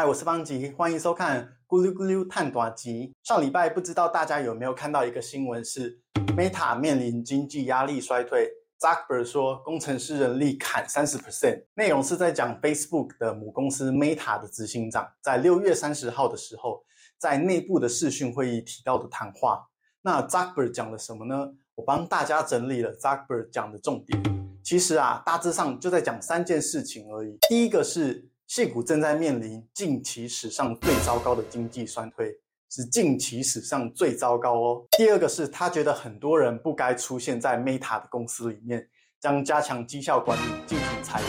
嗨，Hi, 我是方吉，歡迎收看《股溜股溜探大吉》。上禮拜不知道大家有沒有看到一個新聞，是 Meta 面臨經濟壓力衰退，Zucker 說工程師人力砍三十 percent。內容是在講 Facebook 的母公司 Meta 的執行長在六月三十號的時候，在內部的視訊會議提到的談話。那 Zucker 講了什麼呢？我幫大家整理了 Zucker 講的重點。其實啊，大致上就在講三件事情而已。第一個是，矽谷正在面臨近期史上最糟糕的經濟衰退，是近期史上最糟糕哦。第二個是他覺得很多人不該出現在 Meta 的公司裡面，將加強績效管理進行裁員，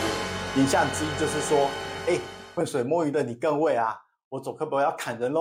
言下之意就是說，哎，渾水摸魚的你更會啊，我祖克柏要砍人嘍。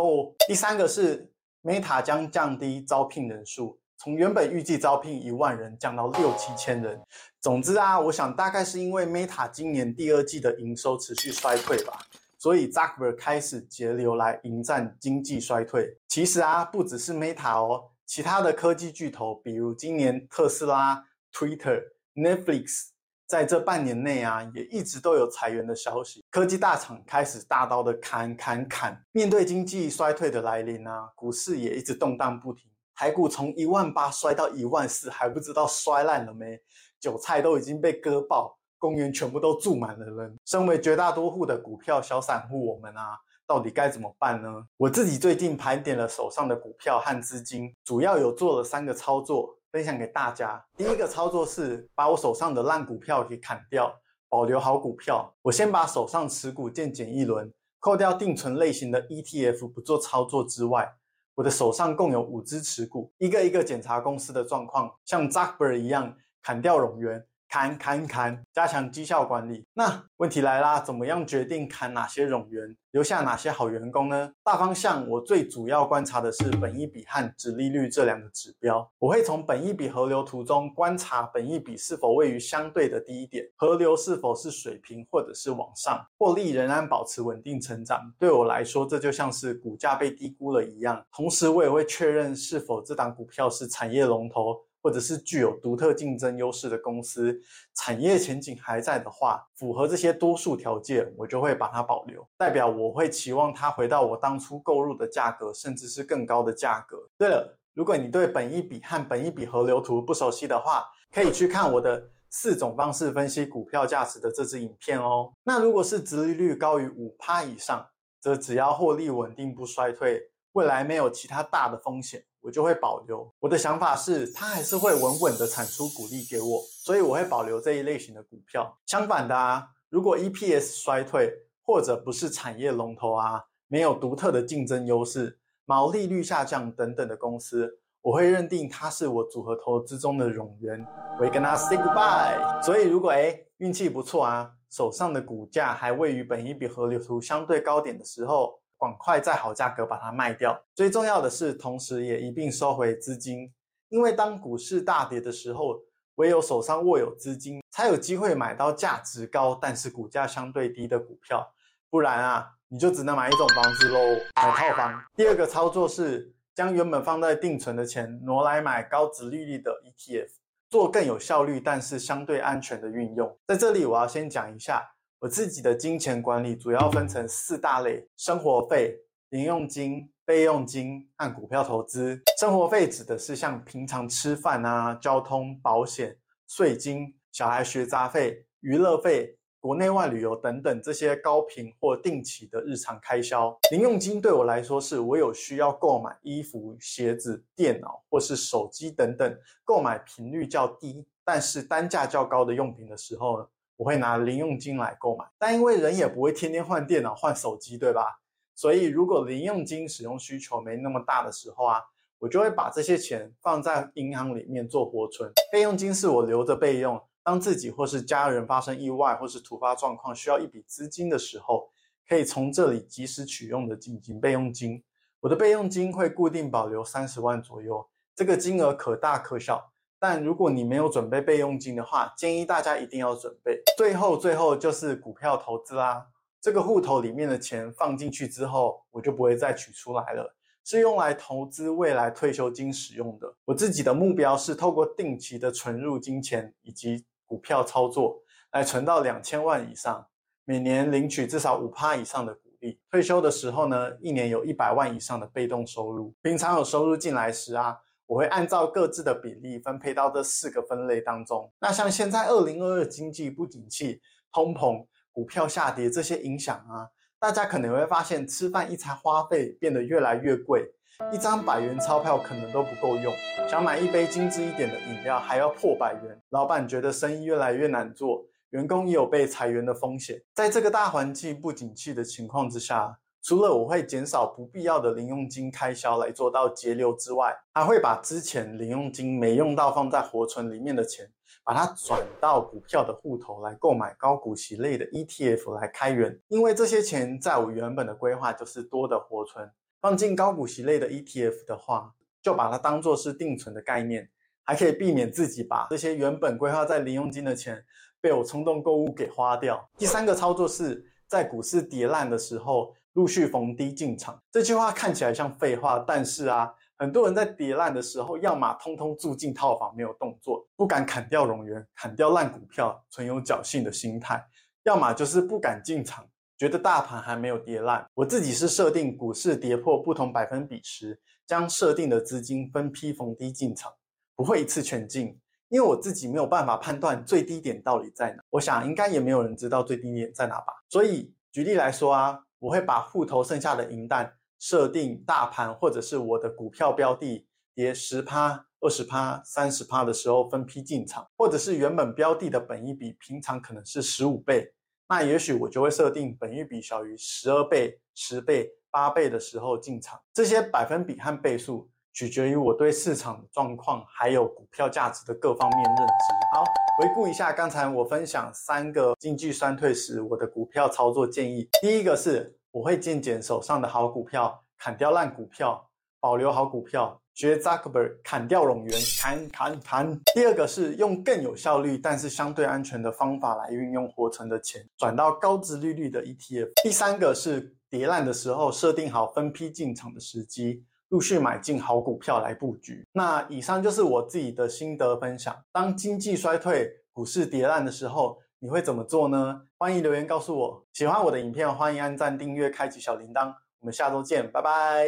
第三個是 Meta 將降低招聘人數。從原本預計招聘一萬人降到六七千人。總之啊，我想大概是因為 Meta 今年第二季的營收持續衰退吧，所以 Zuckerberg 開始節流來迎戰經濟衰退。其實啊，不只是 Meta 哦，其他的科技巨頭，比如今年特斯拉、Twitter、Netflix，在這半年內啊，也一直都有裁員的消息。科技大廠開始大刀的砍砍砍，面對經濟衰退的來臨啊，股市也一直動盪不停。台股從一萬八摔到一萬四，還不知道摔爛了沒？韭菜都已經被割爆，公園全部都住滿了人。身為絕大多數的股票小散戶，我們啊，到底該怎麼辦呢？我自己最近盤點了手上的股票和資金，主要有做了三個操作，分享給大家。第一個操作是把我手上的爛股票給砍掉，保留好股票。我先把手上持股見減一輪，扣掉定存類型的 ETF 不做操作之外。我的手上共有五支持股，一個一個檢查公司的狀況，像祖克柏一樣砍掉冗員。砍砍砍！加強績效管理。那問題來啦，怎麼樣決定砍哪些冗員，留下哪些好員工呢？大方向我最主要觀察的是本益比和殖利率這兩個指標。我會從本益比河流圖中觀察本益比是否位於相對的低點，河流是否是水平或者是往上，獲利仍然保持穩定成長。對我來說，這就像是股價被低估了一樣。同時，我也會確認是否這檔股票是產業龍頭。或者是具有獨特競爭優勢的公司，產業前景還在的話，符合這些多數條件，我就會把它保留，代表我會期望它回到我當初購入的價格，甚至是更高的價格。對了，如果你對本益比和本益比河流圖不熟悉的話，可以去看我的四種方式分析股票價值的這支影片哦。那如果是殖利率高於五趴以上，則只要獲利穩定不衰退，未來沒有其他大的風險，我就會保留。我的想法是，它還是會穩穩地產出股利給我，所以我會保留這一類型的股票。相反的啊，如果 EPS 衰退，或者不是產業龍頭啊，沒有獨特的競爭優勢，毛利率下降等等的公司，我會認定它是我組合投資中的冗員，我會跟它 say goodbye。所以如果，欸，運氣不錯啊，手上的股價還位於本益比河流圖相對高點的時候。趕快在好價格把它賣掉。最重要的是，同時也一併收回資金，因為當股市大跌的時候，唯有手上握有資金，才有機會買到價值高但是股價相對低的股票。不然啊，你就只能買一種房子嘍，買套房。第二個操作是將原本放在定存的錢挪來買高殖利率的 ETF，做更有效率但是相對安全的運用。在這裡，我要先講一下。我自己的金錢管理主要分成四大類：生活費、零用金、備用金和股票投資。生活費指的是像平常吃飯啊、交通、保險、稅金、小孩學雜費、娛樂費、國內外旅遊等等這些高頻或定期的日常開銷。零用金對我來說，是我有需要購買衣服、鞋子、電腦或是手機等等，購買頻率較低但是單價較高的用品的時候。我會拿零用金來購買，但因為人也不會天天換電腦、換手機，對吧？所以如果零用金使用需求沒那麼大的時候啊，我就會把這些錢放在銀行裡面做活存。備用金是我留着備用，當自己或是家人發生意外或是突發狀況需要一筆資金的時候，可以從這裡及時取用的緊急備用金。我的備用金會固定保留三十萬左右，這個金額可大可小。但如果你沒有準備備用金的話，建議大家一定要準備。最後，最後就是股票投資啦、啊。這個戶頭裡面的錢放進去之後，我就不會再取出來了，是用來投資未來退休金使用的。我自己的目標是透過定期的存入金錢以及股票操作，來存到兩千萬以上，每年領取至少五趴以上的股利。退休的時候呢，一年有一百萬以上的被動收入。平常有收入進來時啊。我會按照各自的比例分配到這四個分類當中。那像現在二零二二，經濟不景氣、通膨、股票下跌這些影響啊，大家可能會發現，吃飯一餐花費變得越來越貴，一張百元鈔票可能都不夠用，想買一杯精緻一點的飲料還要破百元。老闆覺得生意越來越難做，員工也有被裁員的風險。在這個大環境不景氣的情況之下。除了我會減少不必要的零用金開銷來做到節流之外，還會把之前零用金沒用到放在活存裡面的錢，把它轉到股票的戶頭來購買高股息類的 ETF 來開源，因為這些錢在我原本的規劃就是多的活存，放進高股息類的 ETF 的話，就把它當做是定存的概念，還可以避免自己把這些原本規劃在零用金的錢被我衝動購物給花掉。第三個操作是在股市跌爛的時候，陸續逢低進場，這句話看起來像廢話，但是啊，很多人在跌爛的時候，要麼通通住進套房沒有動作，不敢砍掉冗員、砍掉爛股票，存有僥倖的心態；要麼就是不敢進場，覺得大盤還沒有跌爛。我自己是設定股市跌破不同百分比時，將設定的資金分批逢低進場，不會一次全進，因為我自己沒有辦法判斷最低點到底在哪。我想應該也沒有人知道最低點在哪吧。所以舉例來說啊。我會把戶頭剩下的銀彈設定大盤或者是我的股票標的，跌十趴、二十趴、三十趴的時候分批進場，或者是原本標的的本益比平常可能是十五倍，那也許我就會設定本益比小於十二倍、十倍、八倍的時候進場，這些百分比和倍數。取決於我對市場狀況還有股票價值的各方面認知。好，回顧一下剛才我分享三個經濟衰退時我的股票操作建議：第一個是我會漸減手上的好股票，砍掉爛股票，保留好股票，學扎克伯格砍掉冗員，砍砍砍；第二個是用更有效率但是相對安全的方法來運用活存的錢，轉到高殖利率的 ETF；第三個是跌爛的時候設定好分批進場的時機。陸續買進好股票來布局。那以上就是我自己的心得分享。當經濟衰退、股市跌爛的時候，你會怎麼做呢？歡迎留言告訴我。喜歡我的影片，歡迎按讚、訂閱、開啟小鈴鐺。我們下周見，拜拜。